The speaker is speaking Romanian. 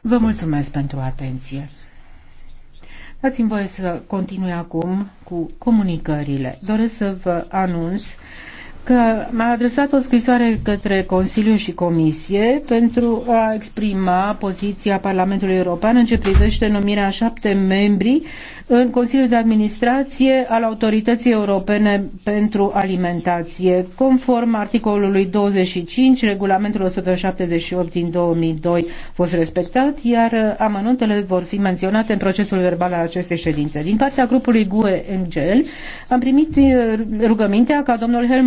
Vă mulțumesc pentru atenție. Dați-mi voie să continui acum cu comunicările. Doresc să vă anunț că m-a adresat o scrisoare către Consiliu și Comisie pentru a exprima poziția Parlamentului European în ce privește numirea șapte membri în Consiliul de Administrație al Autorității Europene pentru Alimentație, conform articolului 25, regulamentul 178 din 2002 fost respectat, iar amănuntele vor fi menționate în procesul verbal al acestei ședințe. Din partea grupului GUE-NGL am primit eh, rugămintea ca domnul Helmut